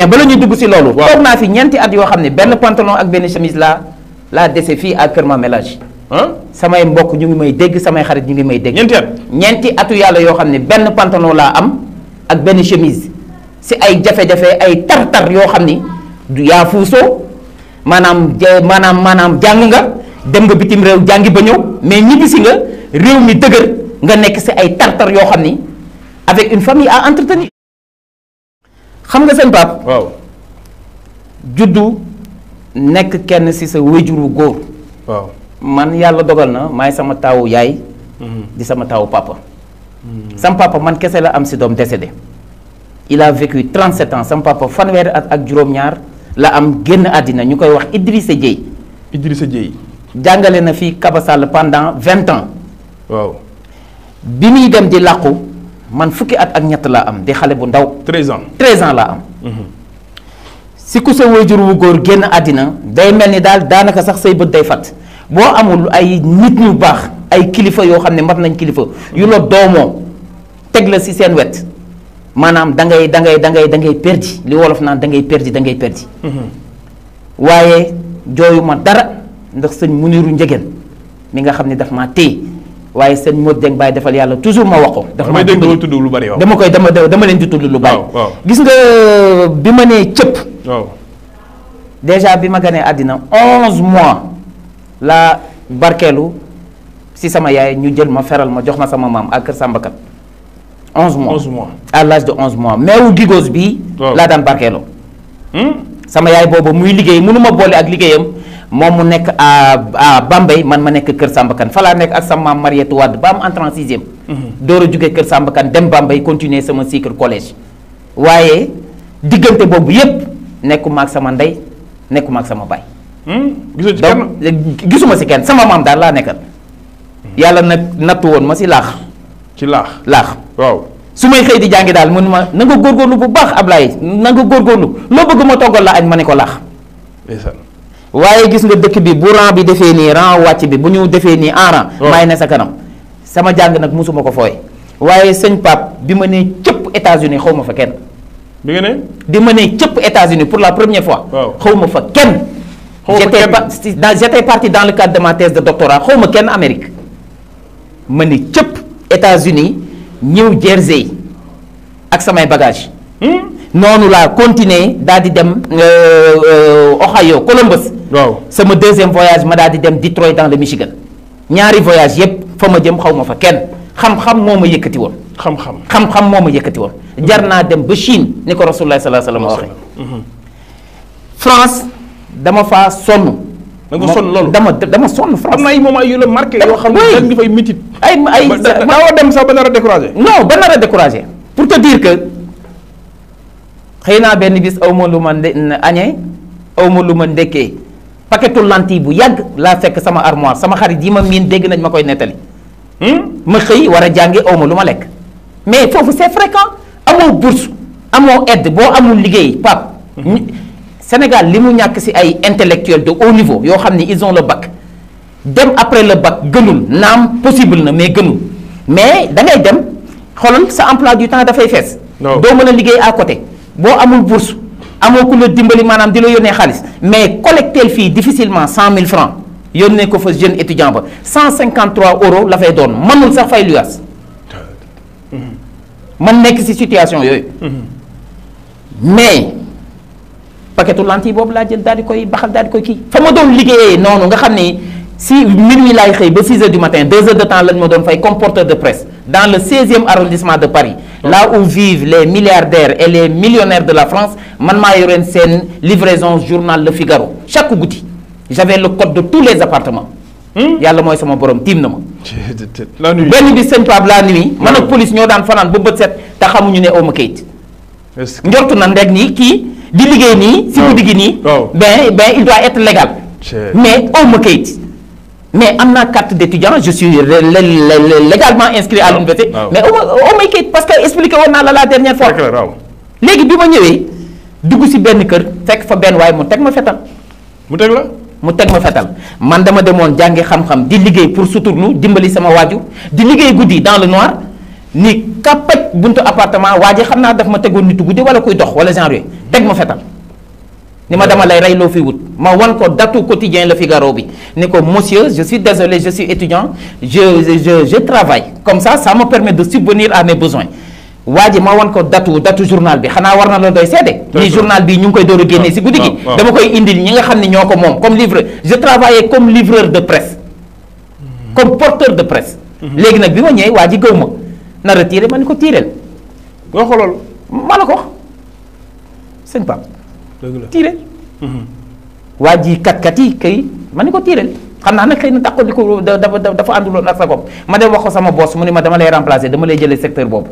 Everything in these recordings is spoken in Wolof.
mais bala ñuy dugg si loolu. waaw naa fi ñeenti at yoo xam ne benn pantalon ak benn chemise laa laa dese fii à Kër Mamélage. samay mbokk ñu ngi may dégg samay xarit ñu ngi may dégg. ñeenti ñeenti atu yàlla yoo xam ne benn pantalon laa am ak benn chemise si ay jafe-jafe ay tar-tar yoo xam ni du yaa fuusoo maanaam maanaam maanaam jàng nga dem nga bitim réew jàngi ba ñëw mais ñibbisi nga réew mi dëgër nga nekk si ay tar-tar yoo xam ni avec une famille à entretenir. xam nga seen Pape. waaw juddu nekk kenn ci sa wéjur wu góor. waaw man yàlla dogal na maay sama taawu yaay. Mhm. di sama taawu papa. Mhm. sam papa man kese la am ci doom décédé. il a vécu 37 ans sam papa fanweeri at ak juróom-ñaar la am génn àddina ñu koy wax Idrissa Dieye. Idrissa Dieye. jàngale na fi Kaba Sall pendant 20 ans. waaw bi muy dem di làqu man fukki at ak ñett laa am di xale bu ndaw. 13 ans 13 ans laa am. Mhm. si ku sa waajur wu góor génn àddina day mel ni daal daanaka sax say bët day fat boo amul ay nit ñu baax ay kilifa yoo xam ne mat nañ kilifa. yu la doomoo teg la si seen wet maanaam dangay dangay dangay ngay da perdi li wolof naan da ngay perdi da ngay perdi. Mhm. waaye jooyu ma dara ndax sëñ Muniru Njëgeen mi nga xam ne daf maa téye. waaye sëñ Modou Dieng Baye defal yàlla toujours ma wax ko. dafa may dégg tudd lu bari dama koy dama dama leen di tudd lu bari. gis nga bi ma nee cëpp. déjà bi ma ganee àddina onze mois laa barkeelu si sama yaay ñu jël ma feral ma jox ma sama maam ak Kër Sambakat. onze onze mois à l'âge de onze mois meewu Gigos bii. laa daan barkeeloo. Hmm? sama yaay boobu muy liggéey mënu ma boole ak liggéeyam. moom mu nekk à à Bambey man ma nekk Kër Samba Kane fa laa nekk ak sama maam Mariette Wade ba am entrée en sixième. Mhm. door a jugee Kër Samba Kane dem Bambey continuer sama cycle collège. waaye diggante boobu yépp nekkuma ak sama ndey nekkuma ak sama baay. Hmm? gisuma si kenn sama maam daal laa nekka hmm. yàlla nag nattu woon ma si laax. ci laax laax waaw. su may xëy di jàngi daal mun ma na nga góorgóorlu bu baax Ablaye na nga góorgóorlu loo bëgg ma toggal la añ ma ne ko laax. waaye gis nga dëkk bi bu rang bi defee nii rang wàcc bi bu ñu defee nii en rang oh. maay ne sa kanam sama jàng nag mosuma ko fooy waaye sëñ Pape bi ma ne cëpp États-Unis xaw ma fa kenn bi nga ma ne cëpp états pour la première fois xaw ma fa kenn j'étais pas parti dans le cadre de ma thèse de doctorat xaw ma kenn Amérique ma ne cëpp États-Unis ñëw Jersey ak samay bagage hmm? noonu laa continuer daal di dem euh, euh, Ohio Columbus. waaw sama deuxième voyage ma daal di dem Detroit dans le Michigan ñaari voyage yépp fa ma jëm xaw ma fa kenn xam-xam moo ma yëkkati woon. xam-xam xam-xam moo ma yëkkati woon. jar naa dem ba Chine ni ko Rasulullah sallallahu alayhi wa sallam waxee. Mhm. France dama faa sonn. da nga sonn loolu dama dama sonn France. am na ay moments yu la marqué yoo xam ne dañ nga fay mitit. ay ay daaw dem sax ba nar a découragé. non ba nar a découragé pour te dire que. xëy naa benn bis aw ma lu ma añee aw ma lu ma ndekkee paquetu lentille bu yàgg laa fekk sama armoire sama xarit yi ma miin dégg nañ ma koy nettali hmm? ma xëy war a jànge aw ma lu ma lekk mais foofu c'est fréquent amoo bourse amoo aide boo amul liggéey pap mhm. Sénégal li mu ñàkk ci ay intellectuels de haut niveau yoo xam ni ils la le bac dem après le bac gënul naam possible na mais gënul mais da ngay dem xoolal sa emploi du temps dafay fees. doo mën a liggéey à côté. boo amul bourse amoo ku la dimbali maanaam di la yónnee xaalis mais collecteel fii difficilement cent mille francs yónnee ko fa jeune étudiant ba cent cinquante trois euros la fay doon mënul sax fay luyaas man nekk si situation yooyu mais paquetu lentille boobu laa jël daal di koy baxal daal di koy kii fa ma doon liggéeyee noonu nga xam ni si minuit laay xëy ba 6 heures du matin 2 heures de temps lañ ma doon fay comme porteur de presse dans le 16e arrondissement de Paris là où vivent les milliardaires et les millionnaires de la France man maa yoreen seen livraison journal Le Figaro chaque guddi j'avais le code de tous les appartements hmm? yàlla mooy sama borom tiim na ma benn bi sëñ Pape la nuit hmm. man ak police ñoo daan fanaan ba bët set te xamuñu ne oma kayit njortu na ndeg nii kii di liggéey nii si guddi gi nii hmm. ben ben il doit être légal mais mais am na carte d' étudiant je suis légalement inscrit à l'université mais au may kayit parce que expliqué woon naa la la dernière fois léegi bi ma ñëwee dugg si benn kër fekk fa benn waaye mu teg ma fetal mu teg la mu teg ma fetal man dama demoon jàngi xam-xam di liggéey pour suturlu dimbali sama waaju di liggéey guddi dans le noir ni kapaj buntu appartement waa ji xam naa daf ma tegoon nitu guddi wala kuy dox wala genre teg ma fetal ni ma dama lay rey loo fi wut ma wan ko datu quotidien Le Figaro bi ni ko monsieur je suis désolé je suis étudiant je je comme ça ça ma permet de subvenir à mes besoins waa ji ma wan ko datu datu journal bi xanaa war na la doy seede ni journal bi ñu ngi koy door a génnee si guddi gi dama koy indil ñi nga xam ne ñoo ko moom comme livre je travaillais comme livreur de presse hmm. comme porteur de presse hmm. léegi nag bi ma ñëwee waa ji gëw ma na retiré ma ni ko tiireel waxoo loolu ma la ko sëñ dëgg la tiireel. Mhm. waa ji kat kat yi kay ma ni ko tiireel xam naa nag na taxul di ko dafa dafa ànduloon ak sa bopp ma dem wax ko sama boss mu ne ma dama lay remplacer dama lay jëlee secteur boobu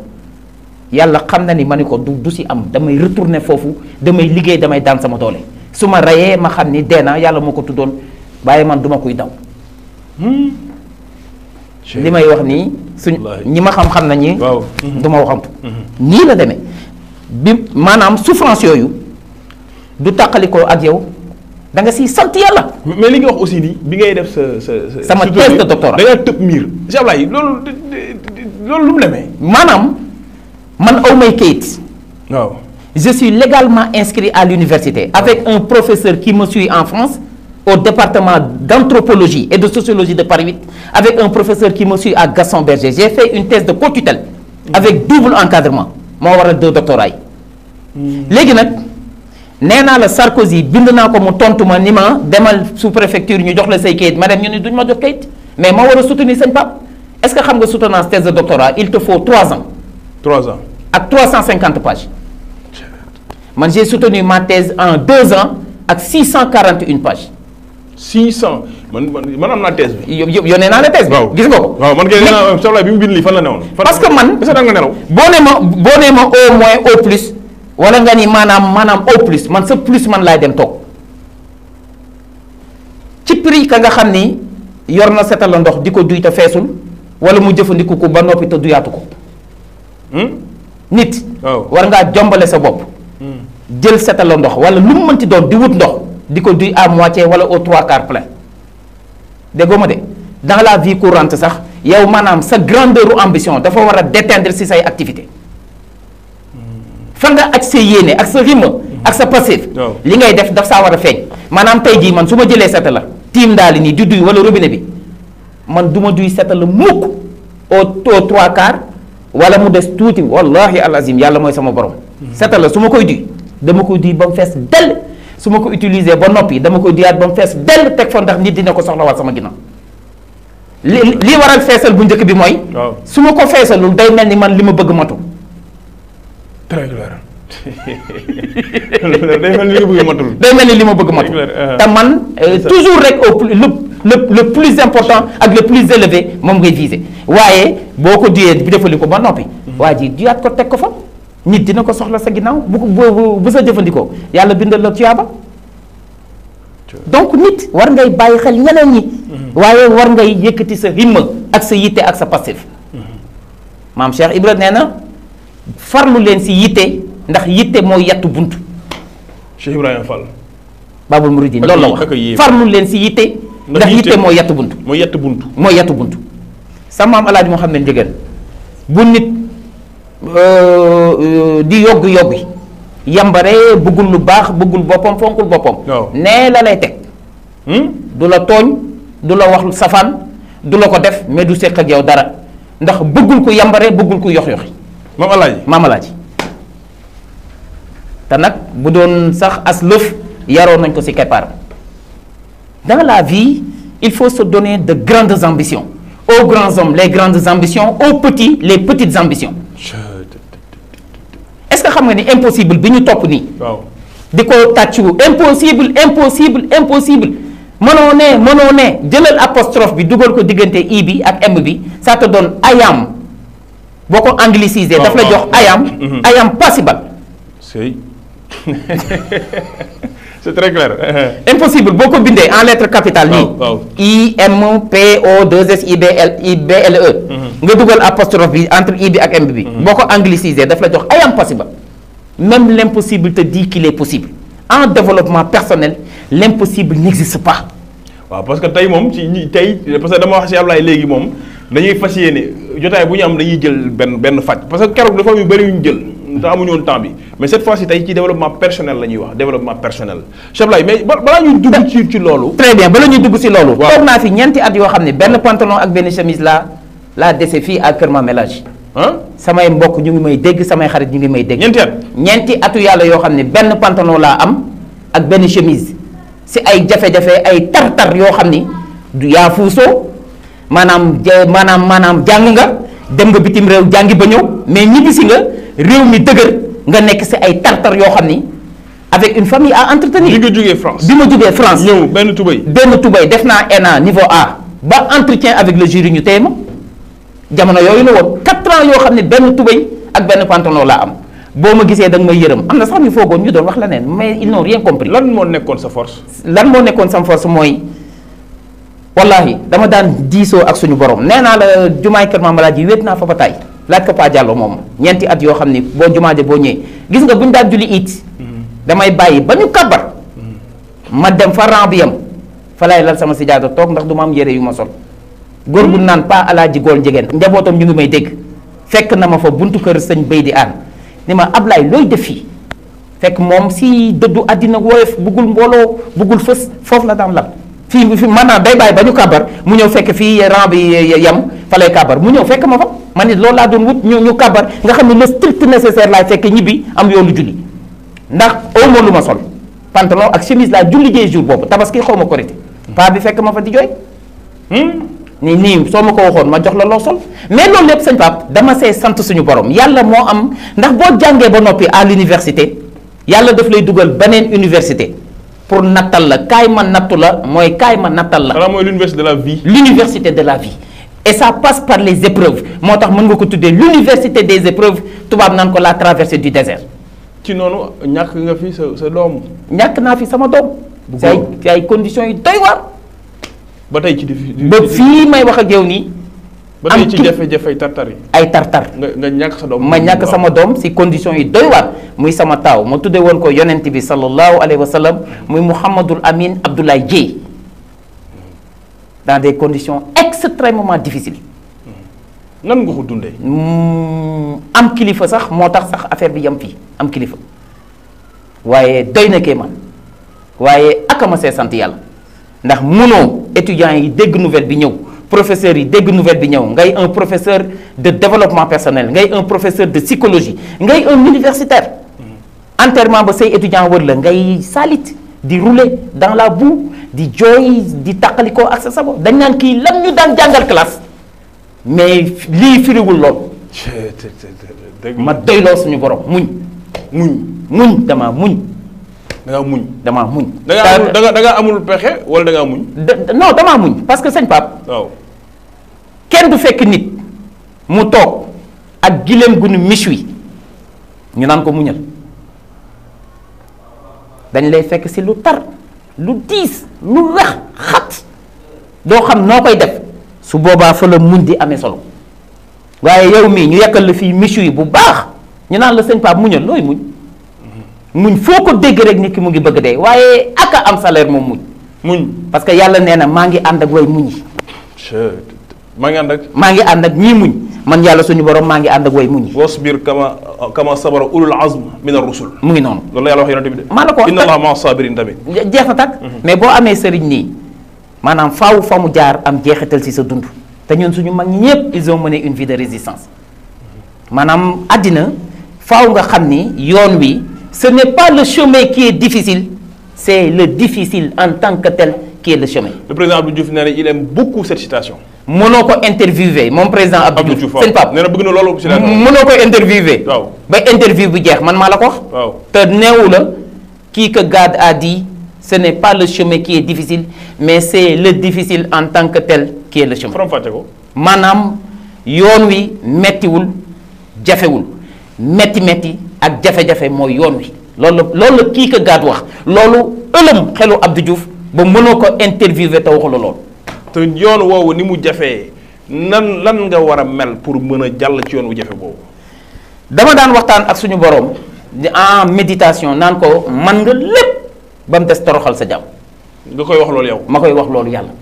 yàlla xam na ni ma ni ko du du si am damay retourner foofu damay liggéey damay daan sama doole su ma rayee ma xam ni dee na yàlla ma ko tuddoon waaye man duma kuy daw. Hmm. li may wax nii su ñi ma xam-xam nañu. waaw du ma mhm. nii la demee bi maanaam souffrance yooyu. du tàqalikoo ak yow da nga siy sant yàlla. mais li nga wax aussi nii bi ngay def sa sa sa. sama thèse de doctorat da nga tëb miir. incha loolu loolu lu maanaam man aw may kayit. waaw je suis légalement inscrit à l'université avec un professeur qui me suit en France. au département d'anthropologie et de sociologie de Paris 8 avec un professeur qui me suit à Gaston Berger j'ai fait une thèse de co-tutelle avec double encadrement moo waral deux doctorats yi hmm. léegi nag nee naa la Sarkozy bind naa ko mu tontu ma ni ma demal sous préfecture ñu jox la say kayit ma dem ñu ni duñ ma jox kayit mais ma war a soutenir sëñ Pape est-ce que xam nga soutenance thèse de doctorat il te faut man j'ai soutenu ma en 2 ans ak 641 pages. 600 man man am naa thèse bi. yo yónnee naa la thèse bi. gis nga ko. waaw man kay nee naa bi mu bind lii fan la newoon. parce que man. est-ce nga nelaw. boo nee boo nee au moins au plus. wala nga ni maanaam maanaam au plus man sa plus man laay dem toog ci prix ka nga xam ni yor na setal la ndox di ko duy te feesul wala mu jëfandiku ko ba noppi te duyaatu ko hmm? nit oh. war ngaa jombale sa bopp hmm. jël setal la ndox wala lu mu mënti doon di wut ndox di ko duy à moitié wala au trois quarts plein déggoo ma de dans la vie courante sax yow maanaam sa grandeur ambition dafa war a déteindre si say activité fan nga ak sa yéene ak sa rythme ak sa passif li ngay def daf saa war a feeñ maanaam tey jii man su ma jëlee seta la tiim daali nii di duy wala robine bi man du ma duy seta la mukk au au trois quarts wala mu des tuuti wallahi alazim yàlla mooy sama borom seta su ma koy duy dama koy duy ba mu fees dell su ma ko utiliser ba noppi dama koy duyaat ba mu fees dell teg fa ndax nit dina ko soxla soxlawaat sama ginnaaw li li waral feesal bu njëkk bi mooy su ma ko feesalul day mel ni man li ma bëgg très clair. day mel ni li nga bëgg matul. day mel ni li ma bëgg matul. te man euh, toujours rek au plus le le plus important ak le plus élevé moom ngay viser waaye boo ko duyee bi defali ko ba noppi. Hmm. waa jii duyaat ko teg ko fa. nit dina ko soxla sa ginnaaw bu bu bu sa jëfandikoo yàlla bindal la tuyaaba. donc nit war ngay bàyyi xel ñeneen ñi. Hmm. waaye war ngay yëkkati sa himma ak sa yitte ak sa passif. Hmm. maam Cheikh Ibrahima nee na. farlu leen si yitte ndax yitte mooy yattu bunt. Cheikh Ibrahima Fall. Babul Mouridine loolu la wax farlu leen si yitte. ndax yitte mooy yattu bunt. mooy yattu bunt mooy yattu bunt. sa maam xam Hadj Mouhamed Ndiéguène bu nit euh, euh, di yoggu yoggi yambare bëggul lu baax bëggul boppam fonkul boppam. nee la lay teg. Hmm? du la tooñ du la wax safaan du la ko def mais du seq ak yow dara ndax bëggul ku yambare bëggul ku yox yoxi maam alaaji maam alaaji te nag bu doon sax as lëf yaroon nañ ko ci keppaar dans la vie il faut se donner de grandes ambitions aux grands hommes les grandes ambitions aux petits les petites ambitions est-ce que xam nga ni impossible bi ñu topp nii di ko tàccu impossible impossible impossible mënoo ne mënoo ne jëlal apostrophe bi dugal ko diggante i bi ak m bi ça te donne ayam boo ko anglicisé daf la jox I am mm-hmm. I am possible c'est très clair impossible boo ko bindee en lettre capitale nii I M P O 2 S I B L I B L E mm-hmm. nga dugal apostrophe bi entre I bi ak M bi mm-hmm. boo ko anglicisé daf la jox I am possible même l'impossible te dit qu'il est possible en développement personnel l'impossible n'existe pas waaw parce que tey moom ci tey parce que dama wax si Ablaye léegi moom nañuy fas yéene jotaay bu ñu am dañuy jël benn benn fàcc parce que keroog dafa am yu bëri yu ñu jël te amuñu woon temps bi mais cette fois ci tey ci développement personnel la wax développement personnel Cheikh Laye mais balaa ñuy dugg ci loolu très bien bala ñuy dugg si loolu toog naa fi ñeenti at yoo xam ne benn pantalon ak benn chemise la laa dese fii à Kër Mamélage ah samay mbokk ñu ngi may dégg samay xarit ñu ngi may dégg ñeenti at ñeenti atu yàlla yoo xam ne benn pantalon laa am ak benn chemise si ay jafe-jafe ay tar-tar yoo xam ni du yaa fuusoo maanaam maanaam maanaam jàng nga dem nga bitim réew jàngi ba ñëw mais si nga réew mi dëgër nga nekk si ay tartar yoo xam ni avec une famille à entretenir. bi nga jógee France bi ma jógee France. ñëw benn tubay benn tubay def naa ENA niveau A. ba entretien avec le jury ñu tey ma jamono yooyu la woon 4 ans yoo xam ne benn tubay ak benn pantalon laa am boo ma gisee da nga may yërëm am na sax ñu foogoon ñu doon wax leneen mais ils n'ont rien compris. lan nekkoon sa force. lan moo nekkoon sa force mooy. wallahi dama daan diisoo ak suñu borom nee naa la jumaay kër Maam ji wéet naa fa ba tey laaj ko Paa Diallo moom ñeenti at yoo xam ni boo jumaaje boo ñëwee gis nga bu ñu daan julli it damay bàyyi ba ñu kabar ma dem fa rang bi yam fa lay lal sama sijaada toog ndax du ma am yére yu ma sol góor bu naan Paa Alaaji Góol Njegeen njabootam ñu ngi may dégg fekk na ma fa buntu kër sañ bay di aan ni ma ab Ablaay looy def fii fekk moom si dëddu àddina woyof buggul mbooloo buggul fës foofu la daan lal fii fi maanaam day bàyyi ba ñu kàbbar mu ñëw fekk fii rang bi yem fa lay kàbbar mu ñëw fekk ma fa man it loolu laa doon wut ñu ñu kàbbar nga xam ne le strict nécessaire laay fekk ñibbi am yoonu julli ndax aw ma lu ma sol pantalon ak chemise laa julli jee jour boobu tabaski xaw ma ko korité paa bi fekk ma fa di jooy hmm? ni nii soo ma ko waxoon ma jox la loo sol mais loolu lépp sëñ Pape dama see sant suñu borom yàlla moo am ndax boo jàngee ba noppi à l'université yàlla daf lay dugal beneen université pour nattal la kaay ma nattu la mooy kaay ma nattal la. voilà mooy l'université de la vie. l'université de la vie et ça passe par les épreuves moo tax mën nga ko tuddee l'université des épreuves tubaab naan ko la traversée du désert. ci noonu ñàkk nga fi sa sa doom. ñàkk naa fi sama doom. bu ay ay conditions yu doy waar. ba tey ci ba fii may wax ak yow nii. ba tey ci jafe-jafe ay tartar nga ñàkk sa ma ñàkk sama doom si condition yi doy waar muy sama taaw ma tudde woon ko yonent bi sallallahu alayhi wa sallam muy Mouhamadul Amin Abdoulaye Dieye dans des conditions extrêmement difficiles nan nga ko hmm, am kilifa sax moo tax sax affaire bi yam fii am kilifa waaye doy na kéemaan waaye akama see sant yàlla ndax mënoo étudiants yi dégg nouvelle bi ñëw professeurs yi dégg nouvelle bi ñëw ngay un professeur de développement personnel ngay un professeur de psychologie ngay un universitaire enterrement ba say étudiant war la ngay salit di rouler dans la boue di jooy di tàqalikoo ak sa sabo dañ naan kii lan ñu daan jàngal classe mais lii firiwul lool ma doyloo suñu borom muñ muñ muñ dama muñ da ngaa muñ damaa muñ. da ngaa da amul pexe wala da ngaa muñ. non damaa muñ parce que sëñ Pape. waaw kenn du fekk nit mu toog ak gileem gu nu yi ñu naan ko muñal dañ lay fekk si lu tar lu diis lu wex xat doo xam noo koy def su boobaa fa la muñ di amee solo waaye yow mii ñu yekkal la fii yi bu baax ñu naan la sëñ Pape muñal looy muñ. muñ foo ko dégg rek nit ki mu ngi bëgg de waaye aka am salaire moom muñ muñ parce que yàlla nee na maa ngi ànd ak way muñ yi maa ngi ànd ak maa ngi ànd ak ñii muñ man yàlla suñu borom maa ngi ànd ak way muñ wasbir kama kama sabara ulul azm min ar-rusul mu ngi noonu loolu yàlla wax yonent bi de maa la ko wax inna allaha ma'a sabirin tamit jeex na takk mhm. mais boo amee sëriñ nii maanaam faw fa mu jaar am jeexital si sa dund te ñun suñu mag ñi ñëpp ils ont mené une vie de mhm. maanaam àddina faaw nga xam ni yoon wi ce n'est pas le chemin qui est difficile, c'est le difficile en tant que tel ki est le chemin. Le président Abdou Diouf nee moom président Abdou Diouf seen pap la bu jeex man maa la ko wax. waaw kii que Gade a dit ce n'est pas le chemin qui mais c'est le difficile en tant que tel qui est le chemin. faram maanaam yoon wi mettiwul jafewul metti metti. ak jafe-jafe mooy yoon wi loolu la loolu la kii ko gaat wax loolu ëlëm xelu Abdou Diouf ba mënoo ko interviewé te waxu la loolu. te yoon woowu ni mu jafee nan lan nga war a mel pour mën a jàll ci yoon wu jafe boobu. dama daan waxtaan ak suñu boroom en méditation naan ko man nga lépp ba mu des toroxal sa jàmm. nga koy wax loolu yow. ma koy wax loolu yàlla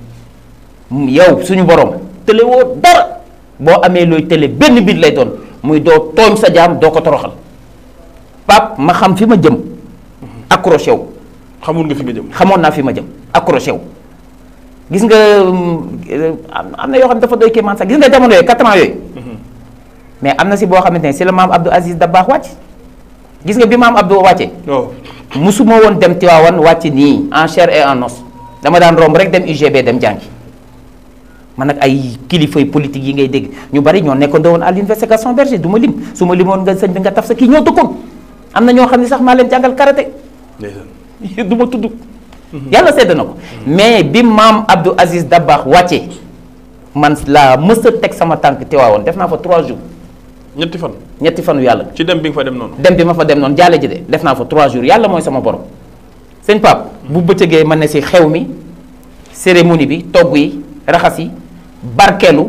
yow suñu boroom tëlewoo dara boo amee looy tële benn mbir lay doon muy doo tooñ sa jaam doo ko toroxal. pap ma xam fi ma jëm accroché wu. xamoon nga fi nga jëm. xamoon naa fi ma jëm accroché wu gis nga euh, am na yoo xam dafa doy kéemaan sax gis nga jamono yooyu quatre yooyu. Mm-hmm. mais am na si boo xam ne si la maam Abdou Aziz baax wàcc gis nga bi maam Abdou wàcce. waaw oh. musuma woon dem Tiwaawan wàcc nii en chair et en os dama daan romb rek dem UGB dem jàngi man nag ay kilifay politique yi ngay dégg ñu bari ñoo nekkandoo woon à Berger du ma lim su ma limoon nga sëñ bi sa kii ñoo am na ñoo xam ne sax maa leen jàngal karaté du ma tudd yàlla sedd na ko mais bi maam Abdou Aziz Dabakh wàcce man laa mës teg sama tànk waawoon def naa fa trois jour ñetti fan ñetti fanu yàlla ci dem bi nga fa dem noonu dem bi ma fa dem noonu jaale ji de def naa fa trois jours yàlla mooy sama borom sëñ Pape bu bëccëgee man na si xew mi cérémonie bi togg yi raxas yi barkeelu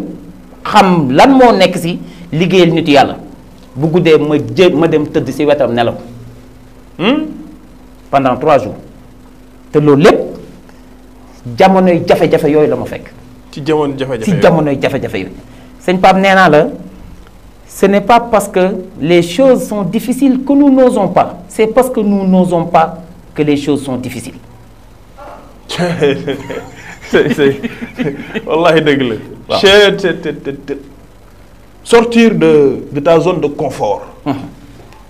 xam lan moo nekk si liggéeyal nit yàlla bu guddee ma jé ma dem tëdd si wetam nelaw hmm? pendant trois jours te loolu lépp jamonoy jafe-jafe yooyu la ma fekk. ci jamono jafe-jafe yooyu ci jamonoy jafe-jafe yooyu. sëñ Pape nee naa la ce n'est pas parce que les choses sont difficiles que nou n'osons pas c'est parce que nous n'osons pas que les choses sont difficiles. c'est c'est wallaahi dëgg la. sortir de, de ta zone de confort. Mmh.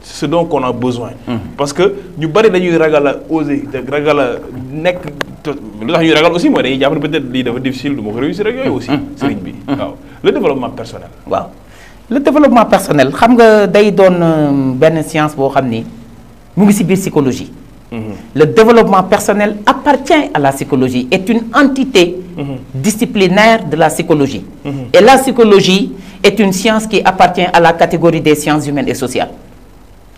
C'est ce on a besoin. Parce que nous avons des ragala oser, des ragala nek. Nous avons ragala aussi, moi, il y a peut-être des difficile de réussir aussi. C'est Le développement personnel. Wow. Le développement personnel, xam nga day doon euh, benn science boo xam ni mu ngi si biir psychologie. Le développement personnel appartient à la psychologie, est une entité Mhm. disciplinaire de la psychologie. Mhm. Et la psychologie est une science qui appartient à la catégorie des sciences humaines et sociales.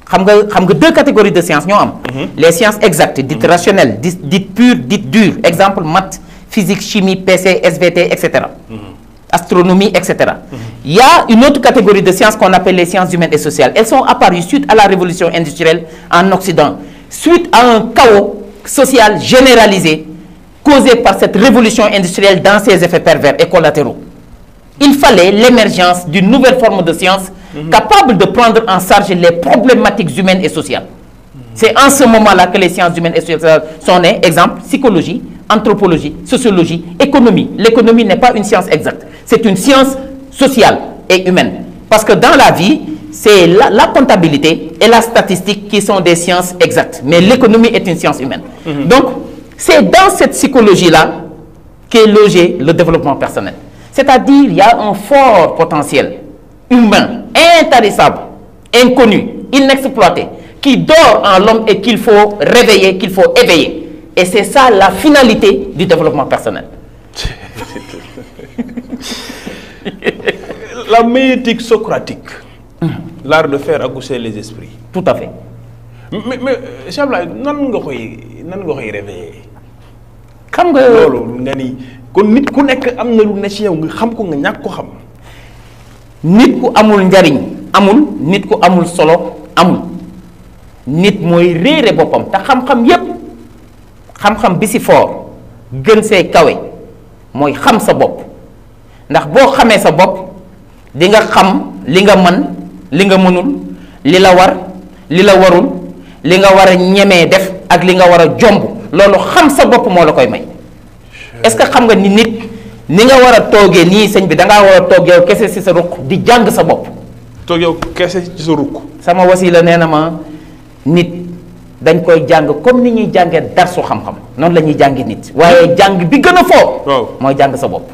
xam nga xam nga deux catégories de sciences ñoo am. Mhm. les sciences exactes dites rationnelles dites pures dites dures exemple maths physique chimie PC SVT etc. astronomie etc. Il y a une autre catégorie de sciences qu'on appelle les sciences humaines et sociales elles sont apparues suite à la révolution industrielle en Occident suite à un chaos social généralisé. causée par cette révolution industrielle dans ses effets pervers et collatéraux. Il fallait l'émergence d'une nouvelle forme de science mmh. capable de prendre en charge les problématiques humaines et sociales. Mmh. C'est en ce moment-là que les sciences humaines et sociales sont nées. Exemple, psychologie, anthropologie, sociologie, économie. L'économie n'est pas une science exacte. C'est une science sociale et humaine. Parce que dans la vie, c'est la, la, comptabilité et la statistique qui sont des sciences exactes. Mais l'économie est une C'est dans cette psychologie-là qu'est logé le développement personnel. C'est-à-dire y a un fort potentiel humain, intarissable, inconnu, inexploité, qui dort en l'homme et qu'il faut réveiller, qu'il faut éveiller. Et c'est ça la finalité du développement personnel. la maïeutique socratique, mmh. l'art de faire accoucher les esprits. Tout à fait. Mais, mais euh, Chabla, nan nga koy nan nga koy xam nga loolu nga ni kon nit ku nekk am na lu ne ci yow nga xam ko nga ñàkk ko xam. nit ku amul njariñ amul nit ku amul solo amul nit mooy réere boppam te xam-xam yépp xam-xam bi si foor gën see kawe mooy xam sa bopp ndax boo xamee sa bopp di nga xam li nga mën li nga mënul li la war li la warul li nga war a ñemee def ak li nga war a jomb loolu xam sa bopp moo la koy may est-ce que xam nga ni nit ni nga war a toogee nii sëñ bi da ngaa war a toog kese si sa ruq di jàng sa bopp toog yow kese ci sa ruq sama wasila nee na ma nit dañ koy jàng comme ni ñuy jàngee darsu xam-xam noonu la ñuy jàngi nit waaye hmm. jàng bi gën a foo mooy jàng sa bopp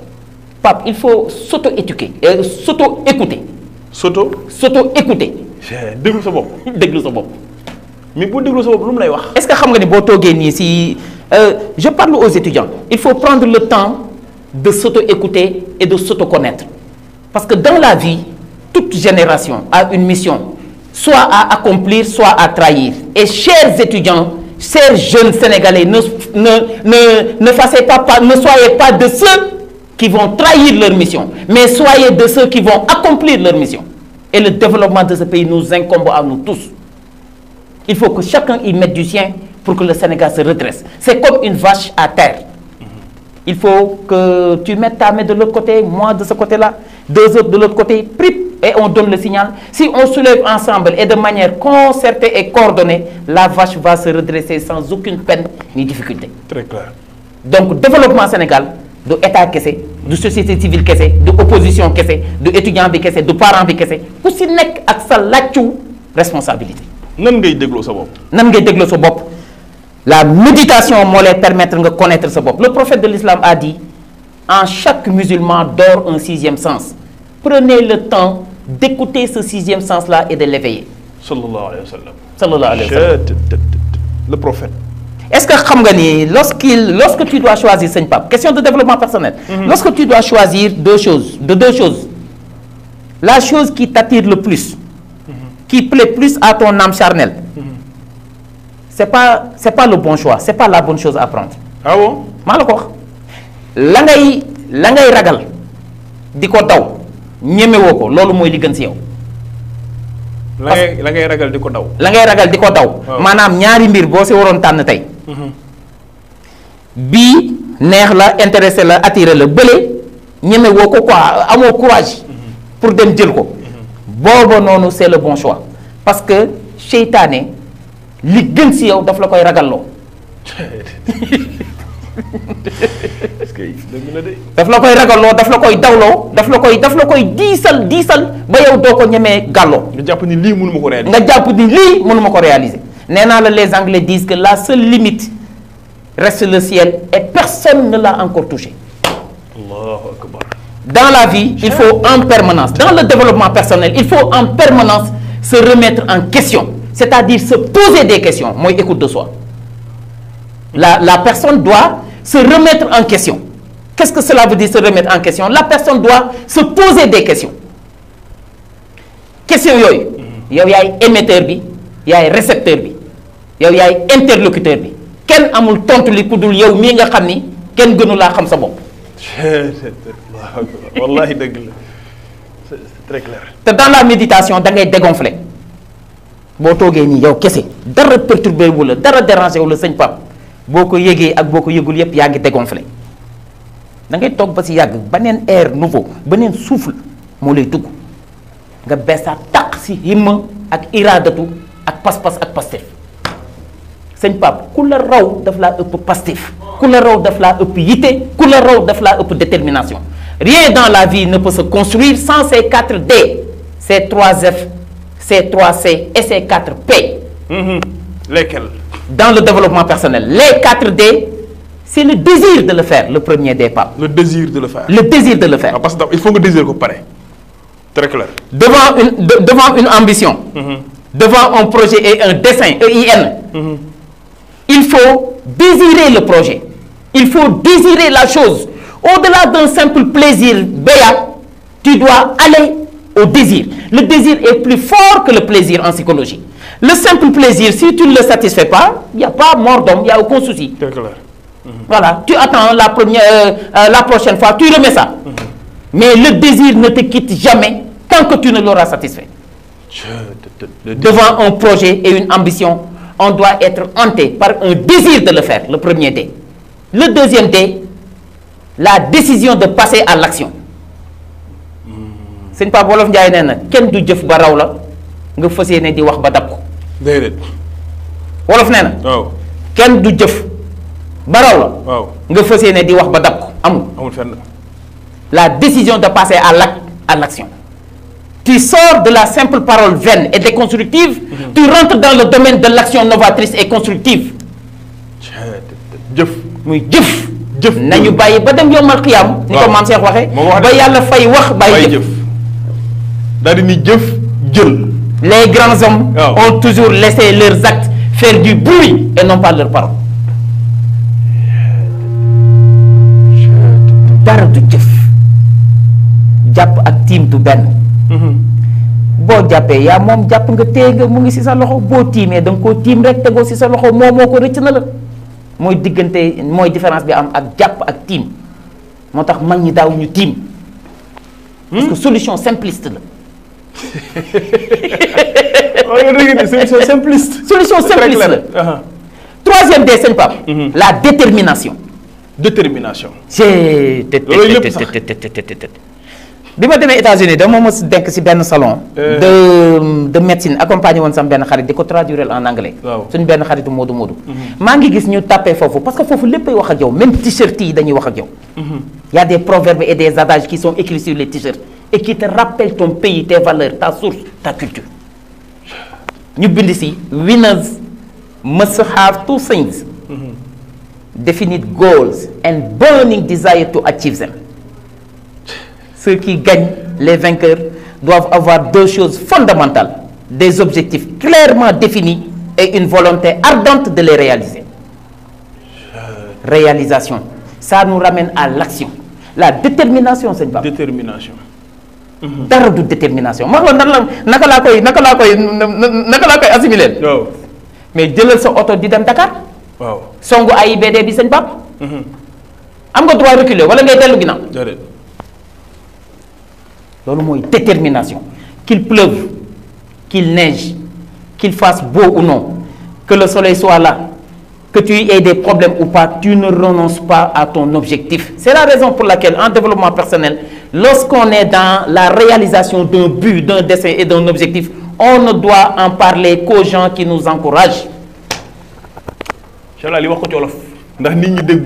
Pape il faut soto éduquer s'auto écouter s'auto soto écouter déglu sa bopp déglu sa bopp mais boo déglu sa bopp lu mu lay wax. est-ce que xam nga ni boo toogee nii si euh, je parle aux étudiants il faut prendre le temps de s'auto-écouter et de s'auto-connaître parce que dans la vie toute génération a une mission soit à accomplir soit à trahir et chers étudiants chers jeunes sénégalais ne ne ne ne fassez pas pas ne soyez pas de ceux qui vont trahir leur mission mais soyez de ceux qui vont accomplir leur mission et le développement de ce pays nous incombe à nous Il faut que chacun y mette du sien pour que le Sénégal se redresse. C'est comme une vache à terre. Il faut que tu mettes ta main de l'autre côté, moi de ce côté-là, deux autres de l'autre côté, prip, et on donne le signal. Si on soulève ensemble et de manière concertée et coordonnée, la vache va se redresser sans aucune peine ni difficulté. Très clair. Donc, développement Sénégal, du état kese du société civile kese du opposition kese du étudiant bi kese du parent bi kese ku si nekk sa làccu responsabilité nan ngay dégloo sa bopp. nan ngay dégloo sa bopp la méditation moo lay permettre nga connaître sa bopp le prophète de l'islam a dit en chaque musulman dort un sixième sens prenez le temps d'écouter ce sixième sens là et de l'éveiller. sallallahu alayhi wa sallam. sallallahu alayhi wa sallam le prophète. Est-ce que xam nga ni lorsqu'il lorsque tu dois choisir sëñ Pape question de développement personnel. Mm -hmm. lorsque tu dois choisir deux choses de deux choses la chose qui t'attire le plus qui plaît plus à ton âme charnelle. c'est pas c'est pas le bon choix c'est pas la bonne chose à prendre. Ah maa la ko wax. la ngay ragal di ko daw ñemewoo ko loolu mooy li gën si yow. la ngay la ragal di ko daw. la ngay ragal di ko daw. maanaam ñaari mbir boo si waroon tànn tey. Mhm. bii neex la intéressé la attiré la bële ñemewoo ko quoi amoo courage. Mhm. pour dem jël ko. Mhm. booba noonu c'est le bon parce que seytaane li gën si yow daf la koy ragalloo daf la koy ragalloo daf la koy dawloo daf la koy daf la koy diisal diisal ba yow doo ko ñemee gàlloo nga jàpp ni lii mënuma ko réaliser nga jàpp ni lii mënuma ko réaliser nee naa la les anglais disent la seule limite reste le ciel et personne l'a encore touché dans la vie il faut en permanence dans la développement personnel il faut en permanence se remettre en question c'est-à-dire se poser des questions mooy écoute de soi la la personne doit se remettre en question qu'est-ce que cela veut dire se en question la personne doit se poser des questions yooyu yow yaay émetteur bi yaay récepteur bi yow yaay interlocuteur bi kenn amul tontu li ku dul yow mii nga xam ni kenn gënu laa xam sa bopp. wallaahi dëgg la. très clair te dans la méditation dangay ngay boo toogee nii yow kese dara perturbé wu la dara dérangé wu la sëñ Pape boo ko yëgee ak boo ko yëgul yëpp yaa ngi dégonflé da ngay toog ba si yàgg beneen air nouveau beneen souffle moo lay dugg nga beesaat taq si himma ak iraadatu ak pas-pas ak pastif sëñ Pape ku la raw daf laa ëpp pastif ku la raw daf laa ëpp yitte ku la raw daf laa ëpp détermination Rien dans la vie ne peut se construire sans ces 4 D, ces 3 F, ces 3 C et ces 4 P. Mmh. Dans le développement personnel. Les 4 D, c'est le désir de le faire, le premier départ. Le désir de le faire. Le désir de le faire. Ah, faut que désir pareil. Très Devant une, de, devant une ambition, mmh. devant un projet et un dessin, EIN, mmh. il faut désirer le projet. Il faut désirer la chose. Au-delà d'un simple plaisir béat, tu dois aller au désir. Le désir est plus fort que le plaisir en psychologie. Le simple plaisir, si tu ne le satisfais pas, il n'y a pas mort d'homme, il n'y a mhm. tu attends la, première, euh, euh, la prochaine fois, tu remets ça. Mhm. Mais le désir ne te quitte jamais tant que tu ne l'auras satisfait. de, de, Devant un projet et une ambition, on doit être hanté par un désir de le faire, le premier dé. Le deuxième dé, la décision de passer à l'action sëñ Pape Wolof Ndiaye nee na kenn du jëf ba raw la nga fas yéene di wax ba dab ko. wolof nee na. waaw kenn du jëf ba raw la. nga fas ne di wax ba dab ko amul. amul la décision de passer à l'acte à l'action tu sors de la simple parole vaine et déconstructive. Mhm. tu rentres dans le domaine de l'action novatrice et constructive. jëf muy jëf. jëf nañu bàyyi ba dem yombal xiyaam. ni ko maam Cheikh waxee. ba yàlla fay wax bàyyi jëf daal di ni jëf jël. les grands hommes. ont toujours laissé leurs actes faire du bruit et non pas leurs dara du jëf jàpp ak tiim du benn. Mhm. boo jàppee yaa moom jàpp nga téye nga mu ngi ci sa loxo boo tiimee da koo tiim rek tegoo ci sa loxo moo moo ko rëcc na la. mooy diggante mooy différence bi am ak jàpp ak tiim moo tax mag ñi daaw ñu tiim. Hmm? parce que solution simpliste la. solution simpliste. solution simpliste la. Uh-huh. troisième des seen pap mm-hmm. la détermination. détermination. c'est bi ma demee États-Unis dama mos denk si benn salon. Eh. de de médecine accompagné woon sama benn xarit di ko traduire en anglais. suñu benn xaritu Moodu Moodu. Mm-hmm. maa ngi gis ñu tàppee foofu parce que foofu léppay wax ak yow même t-shirt yi dañuy wax ak yow. Mm-hmm. y a des proverbes et des adages qui sont écrits sur les t-shirts et qui te rappellent ton pays tes valeurs ta source ta culture. ñu bind si winners must have two things. Mm-hmm. definite goals and burning desire to achieve them. ceux qui gagnent, les vainqueurs, doivent avoir deux choses fondamentales, des objectifs clairement définis et une volonté ardente de les réaliser. Réalisation. Ça nous ramène à l'action. La détermination, c'est pas. Détermination. dara du détermination ma loolu la naka laa koy naka laa koy naka laa koy assimilé. mais jëlal sa oto di dem Dakar. waaw songu AIBD bi sëñ Pape. Mhm. am nga droit reculer wala ngay dellu ginnaaw. loolu mooy détermination qu'il pleuve qu'il neige qu'il fasse beau ou non que le soleil soit là que tu aies des problèmes ou pas tu ne renonces pas à ton objectif c'est la raison pour laquelle en développement personnel lorsqu'on est dans la réalisation d'un but d'un dessein et d'un objectif on ne doit en parler qu'aux gens qui nous encouragent. incha ndax nit ñi dégg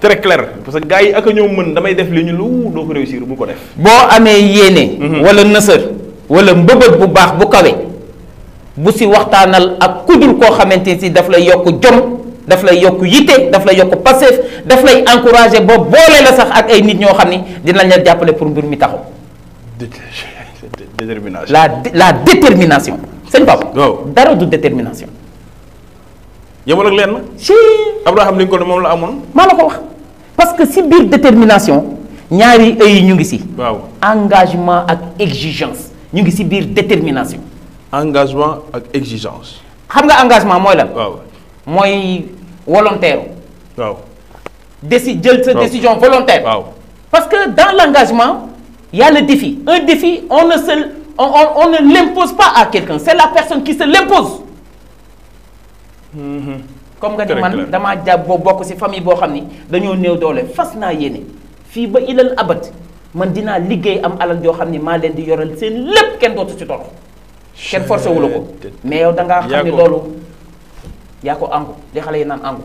très clair parce que gars yi ak a ñoo mën damay def li ñu lu doo ko réussir bu ko def. boo amee yéene. wala nësër wala mbëbët bu baax bu kawe bu si waxtaanal ak kudul koo xamante si daf lay yokk jom daf lay yokk yitte daf lay yokk passif daf lay encouragé ba boole la sax ak ay nit ñoo xam ne dinañ la jàppale pour mbir mi taxaw. détermination la la détermination. sëñ Pape. dara du détermination. yemal ak lenn. si Abraham Lincoln moom la amoon. maa la ko wax parce que si biir détermination ñaari ay ñu ngi si. waaw engagement ak exigence ñu ngi si biir détermination. engagement ak exigence. xam nga engagement mooy la waaw mooy volontaire. waaw. déci jël sa décision volontaire. waaw parce que dans l' engagement y a le défi un défi on ne se on on, l ne l'impose pas à quelqu'un c'est la personne qui se l'impose Mhm. comme nga ni man damaa jàpp boo bokk si famille boo xam ni dañoo néew doole fas naa yéene fii ba ilal abat man dinaa liggéey am alal joo xam ni maa leen di yoral seen lépp kenn dootu si torox kenn forcé wu la ko mais yow dangaa ngaa xam ni loolu yaa ko angu li xale yi naan angu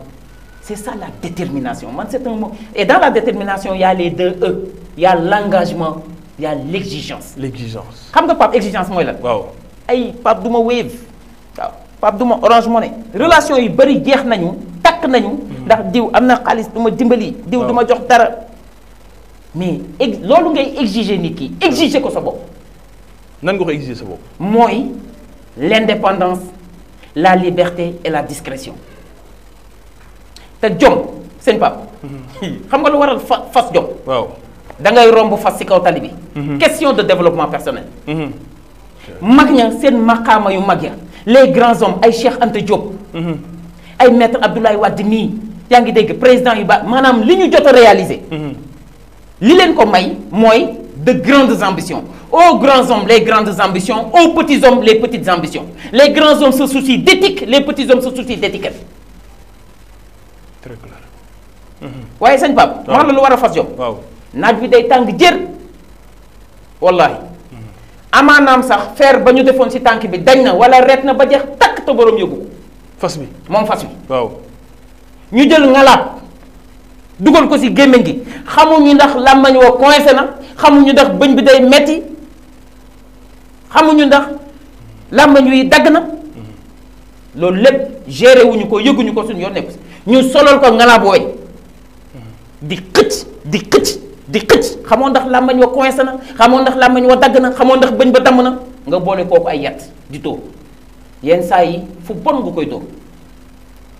c'est ça la détermination man c'est un mot et dans la détermination y a les deux E y a l'engagement y a l'exigence l'exigence xam nga Pape exigence mooy lan waaw ay Pape du ma wéev Pape du ma Orange Money relation yi bëri jeex nañu takk nañu. Hmm. ndax diw am na xaalis du ma dimbali. diw duma jox dara. mais ex loolu ngay exiger nit ki hmm. exiger ko sa bopp. nan nga ko exiger sa bopp. mooy l'indépendance la liberté et la discrétion te jom seen pap hmm. xam nga lu waral fa fas jom. waaw da ngay romb fas ci kaw tali bi. question de développement personnel. mag ña seen maqaama yu mag ya. les grands hommes ay Cheikh ante Diop. Mhm. ay maître Abdoulaye Wade nii yaa ngi dégg président yu baax maanaam li ñu jot a réaliser. Mhm. li leen ko may mooy de grandes ambitions aux grands hommes les grandes ambitions aux petits hommes les petites ambitions les grands hommes se soucient d'éthique les petits hommes se soucient d'étiquette. Mhm. waaye sëñ Pape. waaw la lu war a fas jom. waaw naaj bi day tàng jër wallaahi. amaanaam sax feer ba ñu defoon ci tànk bi dañ na wala ret na ba jeex takk te borom yóbbu ko fas bi moom fas bi waaw ñu jël ngalaat dugal ko ci gémmiñ gi xamuñu ndax làmbañ woo coincé na xamuñu ndax bëñ bi day metti xamuñu ndax làmbañ wi dagg na mm-hmm. loolu lépp géré ko yëguñu ko suñu yoon nekku si ñu solal ko ngalaab woy mm-hmm. di xëcc di xëcc di xëcc xamoo ndax làmbañ wa coincé na xamoo ndax làmbañ wa dagg na xamoo ndax bëñ ba damm na nga boole kooku ay yat di dóor yenn saa yi fu bon nga koy dóor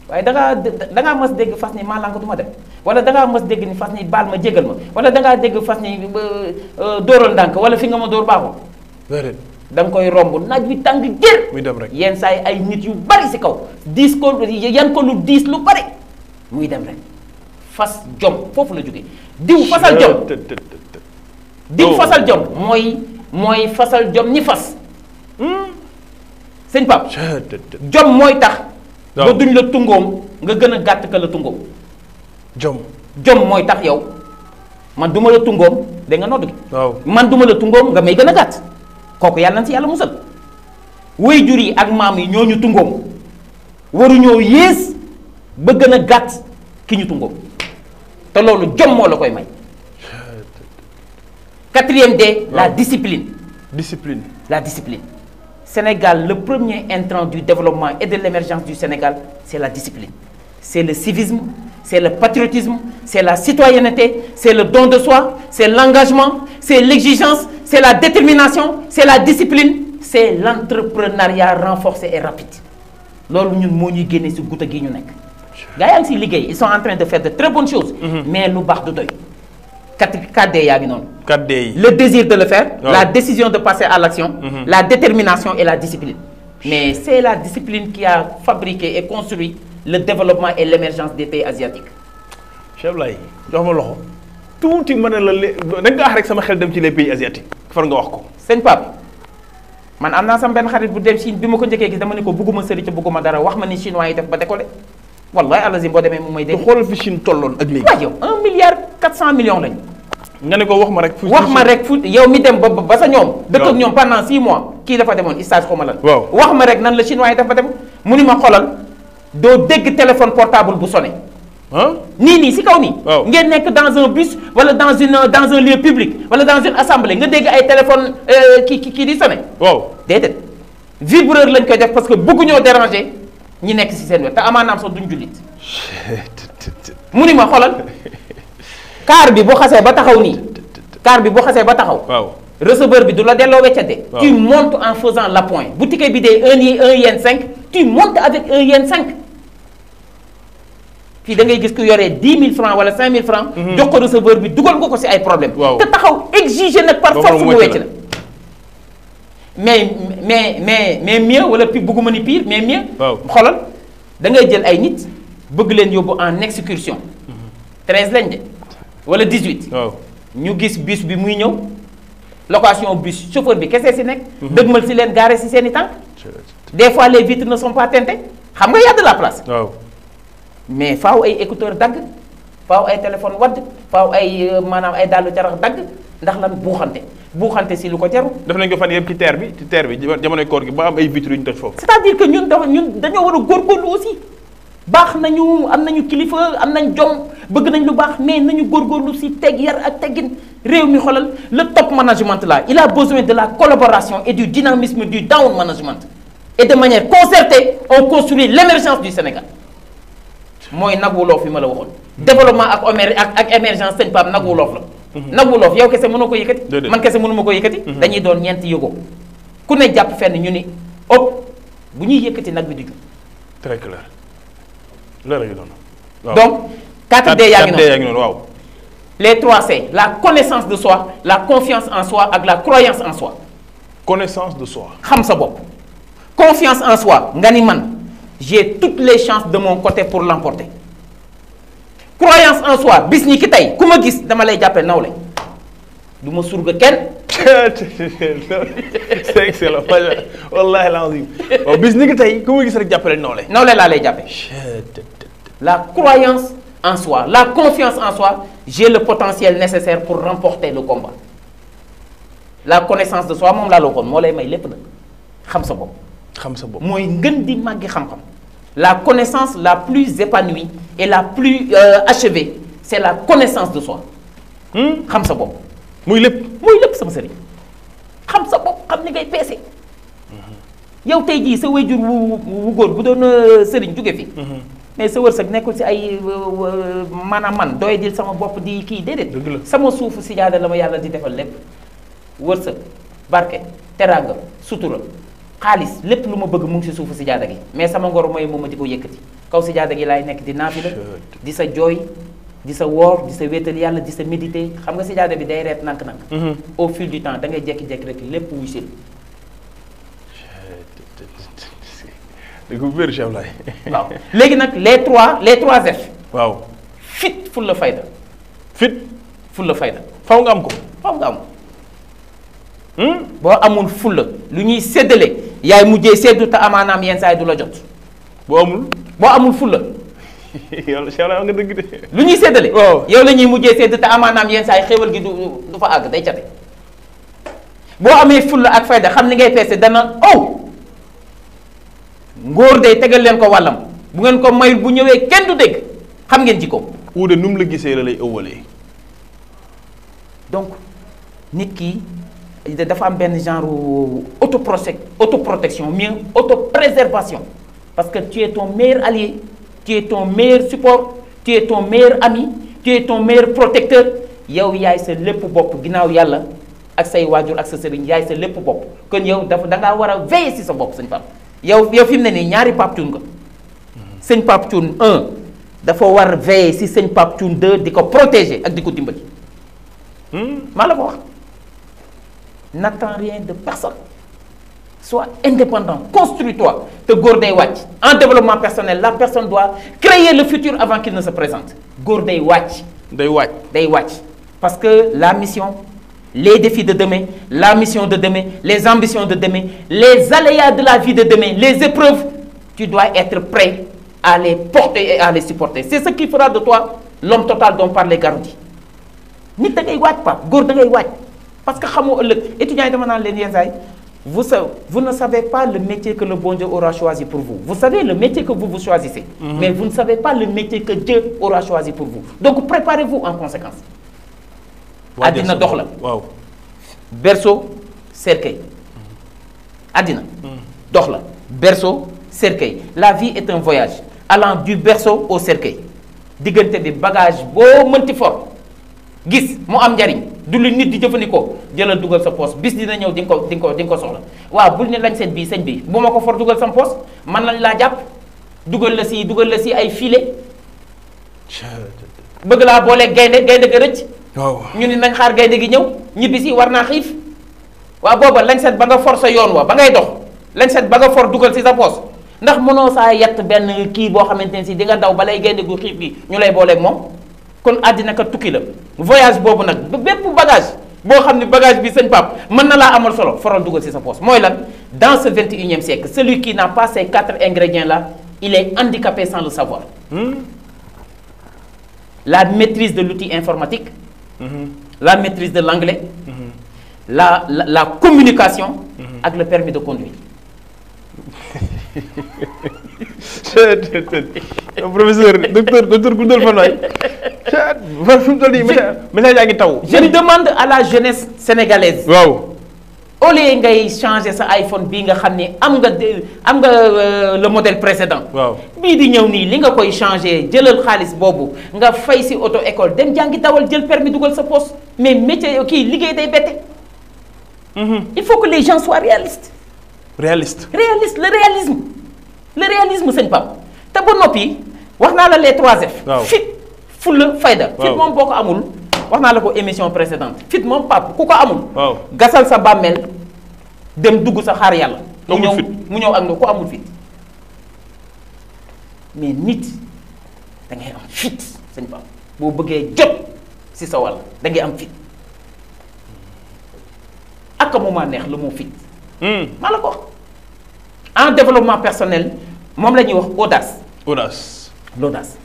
waaye dangaa dangaa mas dégg fas ni maanaam du ma dem wala dangaa mas dégg ni fas ni baal ma jégal ma wala dangaa dégg fas ni euh, dóoral ndànk wala fi nga ma dóor baaxul. da nga koy romb naaj bi tàng jër. muy dem rek yenn saa yi ay nit yu bari si kaw diis ko yan ko lu diis lu bari muy dem rek fas jom foofu la jógee. diw fasal jom diw fasal jom mooy mooy fasal jom ñi fas hmm? sëñ Pape jom mooy tax ba duñ la tungoom nga gën a gàtt ka la tungoom jom jom mooy tax yow man duma la tungoom da nga nodd gi man duma la tungoom nga may gën a gàtt kooku yàlla na si yàlla musal way jur yi ak maam yi ñoo ñu tungoom waruñoo yées ba gën a gàtt ki ñu tungoom te loolu jom moo la koy may. quatrième D. la discipline. discipline la discipline. Sénégal le premier intrant du développement et de l'émergence du Sénégal c'est la discipline c'est le civisme c'est le patriotisme c'est la citoyenneté c'est le don de soi c'est l'engagement c'est l'exigence c'est la détermination c'est la discipline c'est l'entrepreneuriat renforcé et rapide loolu ñun moo ñuy génne ci guta gi ñu nekk gars yaa ngi siy liggéey ils sont en train de faire de très bonnes choses. Mhm. mais lu baax du doy. 4D yaa ngi noonu. 4D yi le désir de le faire. la décision de passer à l'action. Mm la détermination et la discipline. mais c'est la discipline qui a fabriqué et construit le développement et l'émergence des pays asiatiques. Cheikh Ablaye jox ma loxo tuuti mën na la lé da nga rek sama xel dem ci les pays asiatiques far nga wax ko. sëñ Pape man am naa sama benn xarit bu dem Chine bi ma ko njëkkee gis dama ne ko bëgguma sëri dara wax ma ni chinois yi def ba wallaay alazim boo demee moom mooy. dégg nga xoolal fi Chine tolloon ak léegi. waaw yow milliard quatre cent millions lañ. nga ne ko wax ma rek. fu wax ma rek fu yow mi dem ba ba sa ñoom. dëkk ak ñoom pendant six mois. kii dafa demoon stage xaw ma waaw wax ma rek nan la chinois yi dafa dem mu ni ma xoolal doo dégg téléphone portable bu sonné. nii nii si kaw nii. ngeen nekk dans un bus wala dans une dans un lieu public wala dans une assemblée nga dégg ay téléphone euh, kii kii di sonné. waaw déedéet vibreur lañ koy def parce que bëgguñoo déranger. ñi nekk si seen wet te amaanaam sax duñ jullit mu ni ma xolal kaar bi bu xasee ba taxaw nii kaar bi bu xasee ba taxaw waaw receveur bi du la delloo weccate tu montes en faisant l'appoint bu ticket bi dee un yi un yen cinq tu montes avec un yen cinq fii da ngay gis ku yoree dix mille francs wala cinq mille francs mhm. jox ko receveur bi dugal nga ko si ay problème te taxaw exiger nag par force mu wecc la mais mais mais mais mieux wala pi bëgguma ni piir mais mieux. waaw xoolal da ngay jël ay nit bëgg leen yóbbu en excursion. 13 mm-hmm. lañ de wala 18. waaw ñu gis bus bi muy ñëw location bus chauffeur bi kese si nekk. Mm-hmm. dëgmal si leen gaare si seen i tànk. des fois les vitres ne sont pas teintées xam nga yàgg la place. mais faaw ay écouteurs dagg faaw ay téléphone wadd faaw ay euh, maanaam ay dàllu carax dagg ndax lan buuxante. buuxante si lu ko jarul. def nañ ko fan yëpp ci terre bi ci terre bi jamonoy koor gi ba am ay vitres yu ñu toj foofu. c'est-à-dire que ñun dafa ñun dañoo war a góorgóorlu aussi baax nañu am nañu kilifa am nañ jom bëgg nañ lu baax mais nañu góorgóorlu si teg yar ak teggin réew mi xoolal le top management là il a besoin de la collaboration et du dynamisme du down management. et de manière concertée on construit l'émergence du Sénégal mooy nagu loof ma la waxoon. développement ak ak émergence sëñ Pape nagu la. Mhm. nagu loof yow kese mënoo ko yëkkati man kese mënuma ko yëkkati mhm. dañuy doon ñeenti yëgoo ku ne jàpp fenn ñu ni ëpp bu ñuy yëkkati nag bi du jub très clair loolu la noonu waaw donc 4D yaa ngi noonu waaw les la connaissance de soi la confiance en soi ak la croyance en soi connaissance de soi xam sa bopp confiance en soi nga ni man j'ai toutes les chances de mon côté pour l'emporter croyance en soi bis ki tey ku ma gis dama lay jàppe nawle du ma surga kenn. c'est excellent wallaahi l'azim waaw bis ñi ki tey ku ma gis rek jàppale nawle. nawle laa lay jàppe. la croyance en soi la confiance en soi j'ai le potentiel nécessaire pour remporter le combat la connaissance de soi moom laa la waxoon moo lay may lépp nag xam sa bopp. xam sa bopp mooy ngën di màggi xam-xam. La connaissance la plus épanouie et la plus euh, achevée, c'est la connaissance de soi. Hmm? xam sa bopp muy lépp muy lépp sama sëriñ xam sa bopp xam ni ngay peese. Hmm. yow tey jii sa wéjur wu wu góor bu doon euh, sëriñ jóge fi. Hmm. mais sa wërsëg nekkul si ay maanaam euh, euh, man doy dil sama bopp di kii déedéet. sama suufu si jaada la ma yàlla di defal lépp wërsëg barke teraanga sutura. xaalis lépp lu ma bëgg mu ngi si suufu si gi mais sama ngor mooy moom ma di ko yëkkati kaw si gi laay nekk di naafila di sa jooy di sa woor di sa wéetal yàlla di sa méditer xam nga si jaada bi day reet nank-nank mm-hmm. au fil du temps da jekk jekki-jekki lépp wuy sil léegi nag les trois les trois F waaw fit ful fayda fit fayda faw nga am ko faw nga am ko hmm? boo amul fulla lu ñuy séddale yaay mujje seddu te amaanaam yenn saa yi du la jot. boo amul boo amul fulla yow la nga dëgg lu ñuy séddale. Oh. yow la ñuy mujjee sédd te amaanaam yenn saa yi xéwal gi du du fa àgg day cate. boo amee fulla ak fayda xam ni ngay peese dana ow ngóor day tegal leen ko wàllam bu ngeen ko mayul bu ñëwee kenn du dégg xam ngeen jikkoom. uude nu mu la gisee la lay ëwalee. donc nit kii dafa am benn genre autoprotec autoprotection mieux préservation parce que tu es ton meilleur allié tu es ton meilleur support tu es ton meilleur ami tu es ton meilleur protecteur yow yaay sa lépp bopp ginnaaw yàlla ak say waajur ak sa sëriñ yaay sa lépp bopp kon yow dafa da war a veiller si sa bopp sëñ Pape yow yow fi mu ne nii ñaari Pape Thioune nga sëñ Pape Thioune un dafa war veiller si sëñ Pape Thioune deux di ko protéger ak di ko dimbali hmm? maa la ko wax. n'attends rien de personne sois indépendant construis-toi te góor day wàcc en développement personnel la personne doit créer le futur avant qu'il ne se présente góor day wàcc day wàcc day wàcc parce que la mission les défis de demain la mission de demain les ambitions de demain les aléas de la vie de demain les épreuves tu dois être prêt à les porter et à les supporter c'est ce qui fera de toi l'homme total dont parlait Garoudi nit da ngay wàcc Pape parce que xamoo ëllëg étudiants yi dama naan leen yenn saa ne savez pas le métier que le bon Dieu aura choisi pour vous vous savez le métier que vous vous choisissez. Mm-hmm. mais vous ne savez pas le métier que Dieu aura choisi pour vous donc préparez-vous en conséquence. àddina dox la waaw. berceau cercueil. Mm-hmm. Mm-hmm. dox la berceau cercueil la vie est un voyage allant du berceau au cercueil diggante bi bagage boo mënti fort. gis mu am njariñ du lu nit di jëfandikoo jëlal dugal sa poos bis dina ñëw di nga ko di nga ko di nga ko soxla waaw bul ne lañ seet bii sëñ bi bu ma ko for dugal sa poos man nañ laa jàpp dugal la si dugal la si ay filet bëgg laa boolee gaynde gaynde ga rëcc ñu ne nañ xaar gaynde gi ñëw ñibbi si war naa xiif waaw booba lañ seet ba nga for sa yoon wa ba ngay dox lañ seet ba nga for dugal si sa poos ndax mënoo saa yett benn kii boo xamante ne si dinga ndaw balay gaynde gu xiif gi ñu lay booleeg moom kon àddina kat tukki la voyage boobu nag ba bépp bagage boo xam ne bagage bi sëñ Pape mën na laa amal solo faral dugal ci sa poche mooy lan dans ce vingt et unième siècle celui qui n'a pas ces quatre ingrédients là il est handicapé sans le savoir hmm? la maîtrise de l'outil informatique hmm? la maitrise de l'anglais mm la, la communication hmm? ak le permis de conduire professeur docteur docteur guddal fa nooy war fi mu toll nii message yaa ngi taw je demande à la jeunesse sénégalaise waaw au lieu ngay changer sa iPhone bii nga xam ni am nga de am nga euh, le modèle précédent waaw bii di ñëw nii li nga koy changer jëlal xaalis boobu nga fay si auto école dem jàngi dawal jël permis dugal sa poste mais métier kii liggéey day bette mm-hmm. il faut que les gens soient réalistes réalistes réalistes réalisme le réalisme sëñ Pape te ba noppi wax naa la lee 3F. waaw fit fulla fayda. fit moom boo ko amul wax naa la ko émission précédente fit moom Pape ku ko amul. gasal sa bàmmeel dem dugg sa xaar yàlla. mu ñëw mu ñëw ak nga ku amul fit mais nit dangay am fit sëñ Pape boo bëggee jot si sa wàll da ngay am fit ak mu ma neex lu mu fit. Hmm. maa la ko en développement personnel moom la ñuy wax audace. audace. l'audace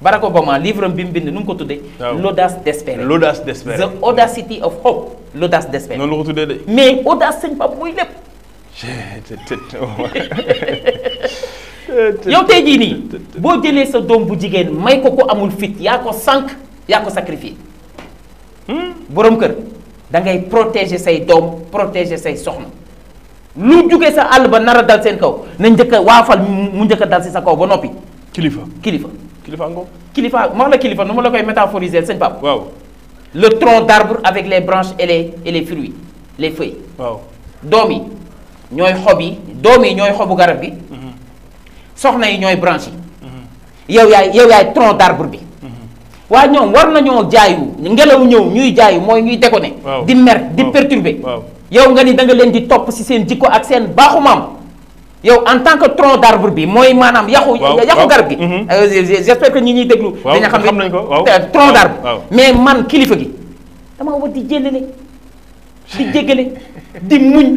Barack Obama livre bi mu bind nu mu ko tuddee. waaw l'audace d'espérer. l'audace d'espérer. the audacity of hope. l'audace d'espérer. noonu la ko tuddee de. mais audace sëñ Pape mooy lépp. yow tey nii boo jëlee sa doom bu jigéen may ko ko amul fit yaa ko sànq yaa ko sacrifié hmm? boroom kër da ngay protéger say doom protéger say soxna. lu jugee sa àll ba nara a dal seen kaw na njëkk a waafal mu njëkk a dal si sa kaw ba noppi. kilifa kilifa. kilifa kilifa wax la kilifa nu ma la koy métaphoriser sëñ Pape. waaw le tronc d' avec les branches et les et les fruits les feuilles. doom yi ñooy xob yi doom yi ñooy xobu garab bi. Mhm. soxna yi ñooy branches yi. Mhm. yow yaay yow yaay tronc d' bi. Mhm. waa ñoom war nañoo jaayu ngelaw ñëw ñuy jaayu mooy ñuy déconné. di mer di perturber. yow nga ni danga leen di topp si seen jikko ak seen baaxu maam yow en tant que tronc d'arbre bi mooy maanaam yaxu yaxu garab gi mhm. euh, j'espère que ñi ñuy déglu a xam ne tronc d'arbre mais man kilifa gi dama war di jéllale di jéggale di muñ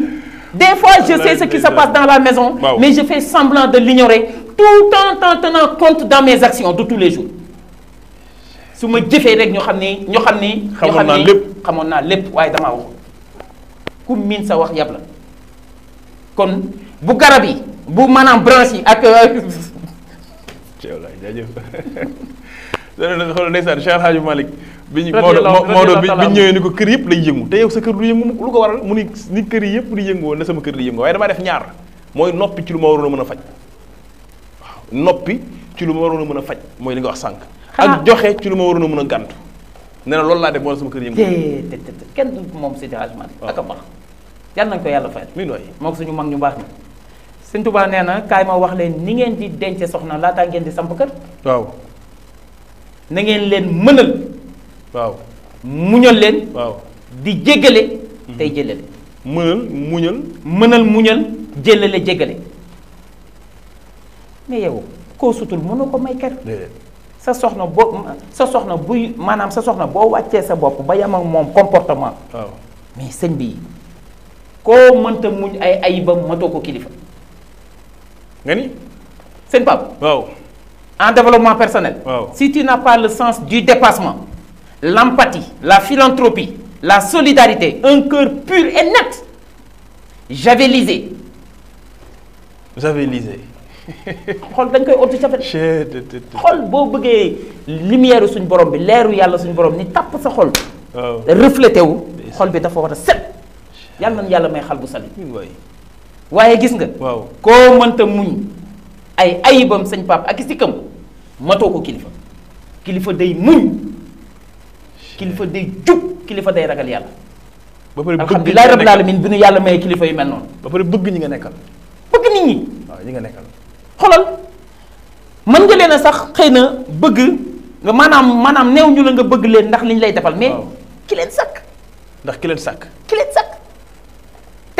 des fois je sais ce qui sa passe dans la maison mais je fais semblant de l'ignorer tout en tenant compte dans mes actions de tous les jours su ma jëfee rek ñu xam ni ñu xam ni xamoon naa lépp xamoon naa lépp waaye damaa ku miin sa wax yab la kon bu garab yi bu maanaam branche yi ak. Euh, jaajëf xoolal ndeysaan Cheikh Hadji Malick bi ñu Maodo Maodo bi ñu ñëwee ni ko kër yëpp lay yëngu te yow sa kër du yëngu lu ko waral mu ni ni kër yi yëpp di yëngu woon ne sama kër di yëngu waaye damaa def ñaar mooy noppi ci lu ma waroon a mën a faj waaw noppi ci lu ma waroon a mën a faj mooy li nga wax sànq ak joxe ci lu ma waroon a mën a gàntu nee na loolu laa def moo sama kër yëngu kenn du moom Seydi Hadji Malick ak a baax yàlla nañ ko yàlla fayal moo ko suñu mag ñu baax ñi sëñ Tuubaa nee na kaay ma wax leen ni ngeen di denc soxna laataa ngeen di samp kër waaw na ngeen leen mënal waaw muñal leen waaw di jéggale mhm. tey jëlale mënal muñal mënal muñal jëlale jéggale mais yow koo sutul mënoo ko may kër sa soxna boo sa soxna buy maanaam sa soxna boo wàccee sa bopp ba yam moom comportement waaw mais sëñ bi koo mënta muñ ay ayibam matoo ko kilifa. nga ni. sëñ Pape. waaw. en développement personnel. waaw si tu n'as pas le sens du dépassement. l'empathie la philanthropie la solidarité un cœur pur et net javelisé. javelisé. xool dañ koy otu javel. xool boo bëggee lumière suñ borom bi leeru yàlla suñ borom ni tàpp sa xol. waaw reflété wu. xol bi dafa war a set. yàlla yàlla may xal bu salim waaye gis nga koo mënta muñ ay ayibam sëñ pap ak sikkam matoo ko kilifa kilifa day muñ kilifa day jub kilifa day ragal yàlla ba pare alhamdulilah rabbil alamin bi nu yàlla may kilifa yu mel noonu ba pare nga nekkal bëgg nit ñi waaw nga nekkal mën nga leen a sax xëy na bëgg maanaam maanaam new ñu la nga bëgg leen ndax liñ lay defal mais ki leen sàkk ndax ki leen sàkk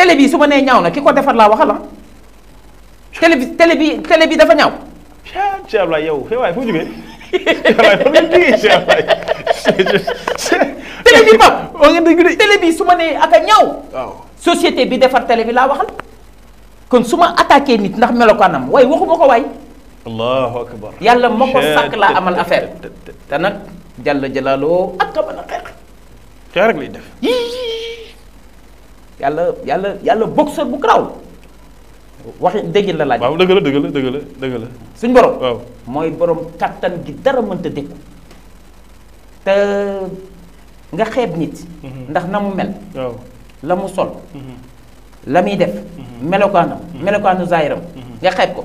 télé bi su ma nee ñaaw na ki ko defar laa waxal ah. télé bi télé bi télé bi dafa ñaaw. Cheikh Ablaye yow fee eh waay foo jógee. télé su ma nee ak a ñaaw. société bi defar télé bi laa waxal. kon su ma attaqué nit ndax melokaanam waaye waxuma ko waay. yàlla ma ko sàkk laa amal affaire. te nag jàll jëlaaloo ak ka mën a rek lay def. yàlla yàlla yàlla bu garaaw wax dégg la laaj. waaw dëgg la dëgg la dëgg la la. suñ borom. mooy borom kattan gi dara mënta dékku te nga xeeb nit. Mhm. ndax na mu mel. la mu sol. Mhm. la muy def. Mhm. melokaanam melokaanu zaayiram. nga xeeb ko.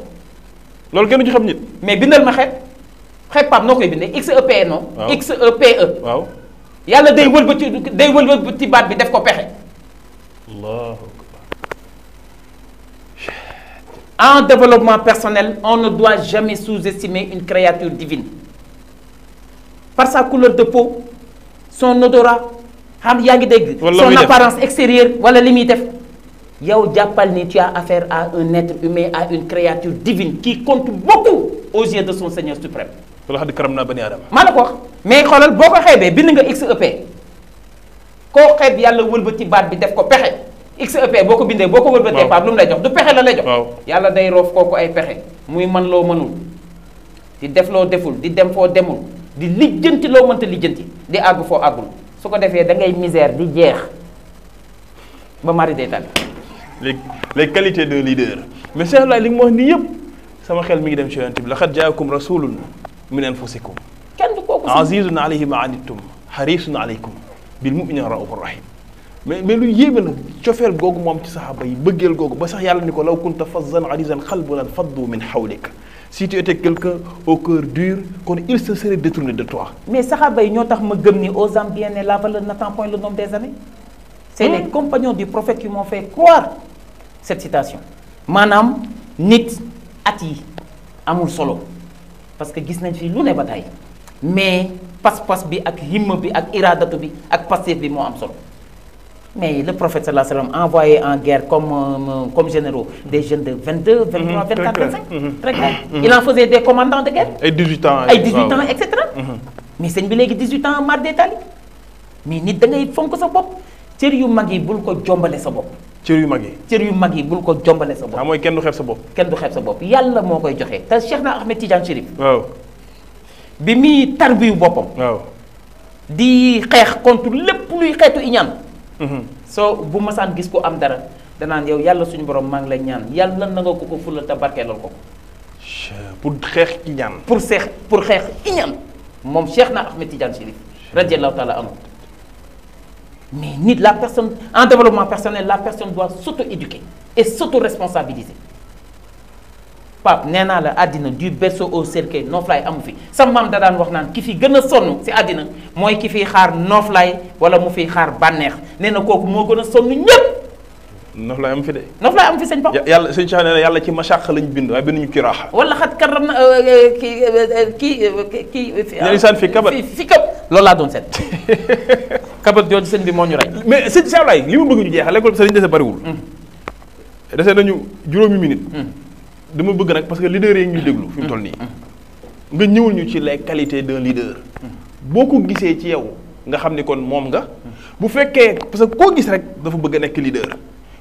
loolu gënu ci xam nit. mais bindal ma xeeb xeeb paam noo koy bindee XEPE e, non. waaw XEPE. E. waaw yàlla day wëlbati day wëlbati baat bi def ko pexe. Allahu Akbar. En développement personnel, on ne doit jamais sous-estimer une créature divine. Par sa couleur de peau, son odorat, xam yaa ngi dégg. son apparence extérieure wala li muy def. yow jàppal ni tu as affaire à un être humain à une créature divine qui compte beaucoup aux yeux de son Seigneur suprême. loolu xam ne ko mais xoolal boo ko xeebee bind nga XEP koo xeeb yàlla wëlbati baat bi def ko pexe. XEP boo ko bindee boo ko wëlbatee Pape lu mu lay jox du pexe la lay jox. yàlla day roof kooku ay pexe muy man loo mënul di def loo deful di dem foo demul di lijjanti loo mënta lijjanti di àgg foo àggul su ko defee da ngay misère di jeex ba mari day tàgg. les les qualités de leader mais Cheikh Laye li nga wax nii yëpp sama xel mi ngi dem ci yonent bi laqad jaakum rasulun min anfusikum kenn du kooku azizun alayhi ma anittum harisun alaykum bil muminina raufur rahim mais mais lu yéeme la cofeel googu moom ci saxaaba yi bëggeel googu ba sax yàlla ni ko law kunta fazzan ghalizal qalbi lanfaddu min hawlik si tu étais quelqu'un au cœur dur kon il se serait détourné de toi. mais saxaaba yi ñoo tax ma gëm ni aux âmes bien nées la valeur n'attend point le nombre des années. c'est les hmm? compagnons du prophète qui m'ont fait croire cette citation. maanaam nit at yi amul solo parce que gis nañ fi lu ne ba tey mais pas-pas bi ak himma bi ak iraadatu bi ak pastéef bi moo am solo. mais le prophète sallallahu alayhi wa sallam envoyé en guerre comme euh, comme généraux des jeunes de 22 23 24 25 très clair mm-hmm. il en faisait des commandants de guerre ay 18 ans ay 18 ans et cetera mm-hmm. mais sëñ bi léegi 18 ans mar détali mais nit da ngay fonk sa bopp cër yu mag yi bul ko jombale sa bopp cër yu mag yi cër yu mag yi bul ko jombale sa bopp ah, mooy kenn du xeeb sa bopp kenn du xeeb sa bopp yàlla moo koy joxe te Cheikh na Ahmed Tidiane bi muy tarbiyu boppam waaw di xeex contre lépp xeetu iñaan Mhm. soo bu masaan gis ko am dara danaan yow yàlla suñu borom maa ngi lay ñaan yàlla na nga ko ko fulal te barkeelal ko. pour xeex iñaan. pour xeex pour xeex iñaan moom Cheikh na Ahmed Tidiane Chérif radiallahu taala anhu mais nit la personne en développement personnel la personne doit s'auto-éduquer et s'auto-responsabiliser. Pape nee naa la àddina di berceau o cercueil nooflaay amu fi sa maam da daan wax naan ki fi gën a sonn si àddina mooy ki fiy xaar nooflaay wala mu fiy xaar bànneex nee na kooku moo gën a sonn ñépp nooflaay am fi de nooflaay am fi sëñ Pape yàlla sëñ Cheikh nee na yàlla ci masàq lañ bind waaye binduñu ci raaxa wala xat karam kii kii kii ndeysaan fi euh, kabat fi loolu laa doon seet kabat jooju sëñ bi moo ñu rek mais sëñ Cheikh Ablaye li ma bëgg ñu jeexal l'école bi sax li dese bariwul mm. dese nañu juróomi minute mm. dama bëgg nag parce que leader yi ñuy déglu. fi mu toll nii nga ñëwul ñu ci les qualités d'un leader. boo ko gisee ci yow nga xam ni kon moom nga. bu fekkee parce que koo gis rek dafa bëgg a nekk leader.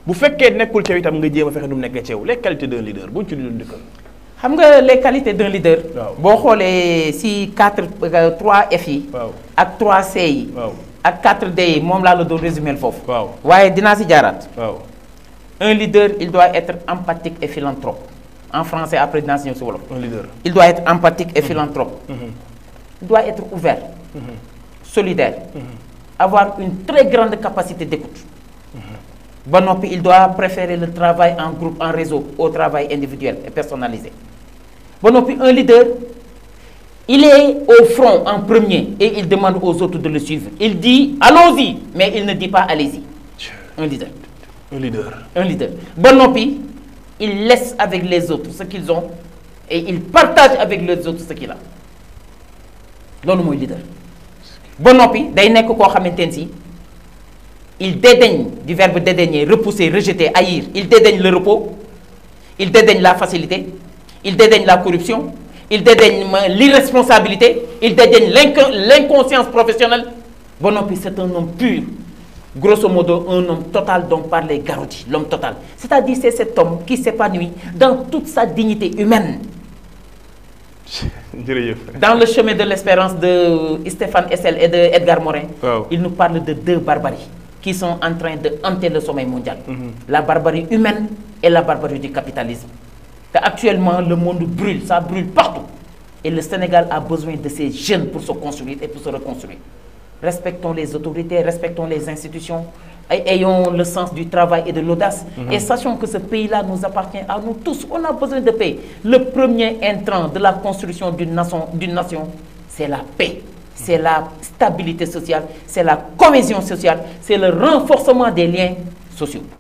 bu fekkee nekkul ci itam nga jéem a fexe nu mu nekk ci yow les qualités d'un leader buñ ci doon dëkkal. xam nga les qualités d'un leader. boo xoolee si quatre euh, trois F yi. ak trois C yi. ak quatre D yi moom laa la doon résumé foofu. waaye dinaa si jaaraat. un leader il doit être en français après dinaa si ñëw si wolof. un leader il doit être empathique et mm-hmm. philanthrope. Mm-hmm. il doit être ouvert. Mm-hmm. solidaire. avoir une très grande capacité d'écoute. ba noppi il doit préférer le travail en groupe en réseau au travail individuel et personnalisé. ba noppi un leader il est au front en premier et il demande aux autres de le suivre il dit allons-y mais il ne dit pas allez un leader. un leader un leader ba noppi. ils laissent avec les autres ce qu'ils ont et ils partagent avec les autres ce qu'il a loolu mooy leader ba noppi day nekk koo xamante ne si il dédaigne du verbe dédaigner repousser rejeter haïr il dédaigne le repos il dédaigne la facilité il dédaigne la corruption il dédaigne l'irresponsabilité il dédaigne l'inconscience professionnelle ba noppi c'est un nom pur grosso modo un homme total dont parle Garoudi, l'homme total. C'est-à-dire c'est cet homme qui s'épanouit dans toute sa dignité humaine. Dans le chemin de l'espérance de Stéphane Essel et de Edgar Morin, wow. il nous parle de deux barbaries qui sont en train de hanter le sommeil mondial. Mm -hmm. La barbarie humaine et la barbarie du capitalisme. Actuellement, le monde brûle, ça brûle partout. Et le Sénégal a besoin de ces jeunes pour se construire et pour se reconstruire. respectons les autorités, respectons les institutions, ayons le sens du travail et de l'audace. Mm -hmm. Et sachons que ce pays-là nous appartient à nous tous. On a besoin de paix. Le premier intrant de la construction d'une nation, nation c'est la paix. C'est la stabilité sociale, c'est la cohésion sociale, c'est le renforcement des liens sociaux.